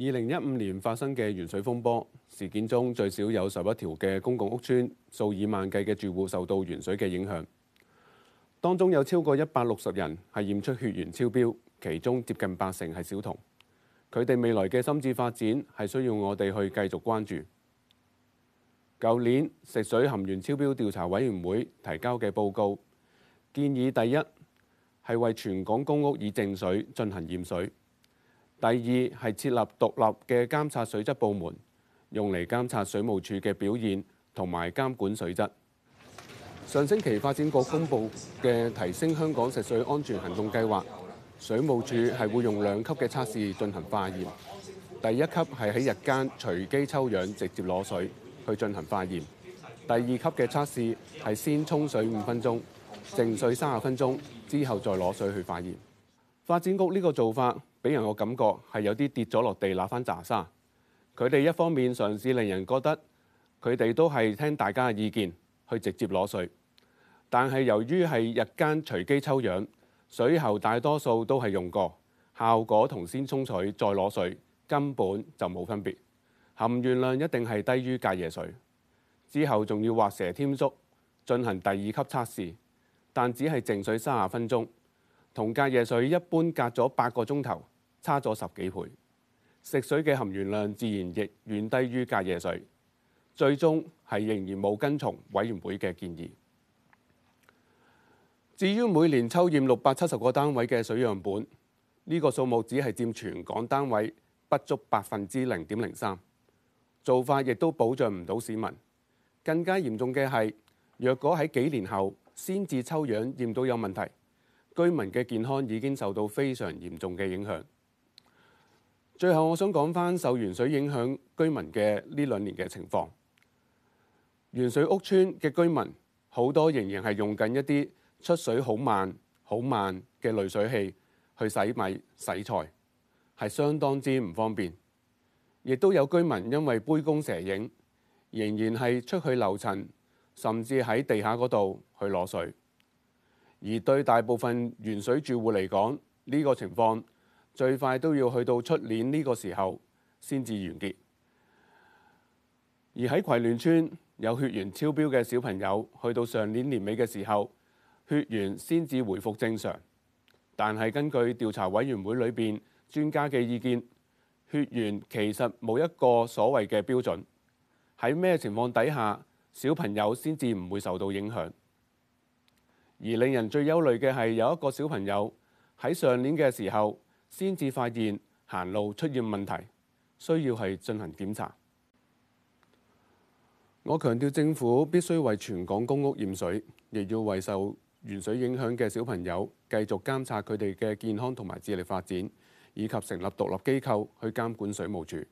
二零一五年發生嘅鉛水風波事件中，最少有十一條嘅公共屋邨、數以萬計嘅住戶受到鉛水嘅影響。當中有超過一百六十人係驗出血鉛超標，其中接近八成係小童。佢哋未來嘅心智發展係需要我哋去繼續關注。舊年食水含鉛超標調查委員會提交嘅報告建議，第一係為全港公屋以淨水進行驗水。第二係設立獨立嘅監察水質部門，用嚟監察水務署嘅表現同埋監管水質。上星期發展局公布嘅提升香港食水安全行動計劃，水務署係會用兩級嘅測試進行化驗。第一級係喺日間隨機抽樣直接攞水去進行化驗，第二級嘅測試係先沖水五分鐘，淨水三十分鐘之後再攞水去化驗。發展局呢個做法。俾人個感覺係有啲跌咗落地攞翻揸沙，佢哋一方面嘗試令人覺得佢哋都係聽大家嘅意見去直接攞水，但係由於係日間隨機抽樣，水喉大多數都係用過，效果同先沖水再攞水根本就冇分別，含鉛量一定係低於隔夜水。之後仲要畫蛇添足進行第二級測試，但只係靜水三十分鐘。同隔夜水一般隔了，隔咗八個鐘頭差咗十幾倍。食水嘅含鉛量自然亦遠低於隔夜水，最終係仍然冇跟從委員會嘅建議。至於每年抽驗六百七十個單位嘅水樣本，呢、這個數目只係佔全港單位不足百分之零點零三，做法亦都保障唔到市民。更加嚴重嘅係，若果喺幾年後先至抽樣驗到有問題。居民嘅健康已經受到非常嚴重嘅影響。最後，我想講返受鉛水影響居民嘅呢兩年嘅情況。鉛水屋邨嘅居民好多仍然係用緊一啲出水好慢、好慢嘅濾水器去洗米、洗菜，係相當之唔方便。亦都有居民因為杯弓蛇影，仍然係出去樓層，甚至喺地下嗰度去攞水。而對大部分鉛水住戶嚟講，呢個情況最快都要去到出年呢個時候先至完結。而喺葵聯村有血鉛超標嘅小朋友，去到上年年尾嘅時候，血鉛先至回復正常。但係根據調查委員會裏面專家嘅意見，血鉛其實冇一個所謂嘅標準。喺咩情況底下，小朋友先至唔會受到影響？而令人最憂慮嘅係有一個小朋友喺上年嘅時候先至發現行路出現問題，需要係進行檢查。我強調政府必須為全港公屋驗水，亦要為受鉛水影響嘅小朋友繼續監察佢哋嘅健康同埋智力發展，以及成立獨立機構去監管水務署。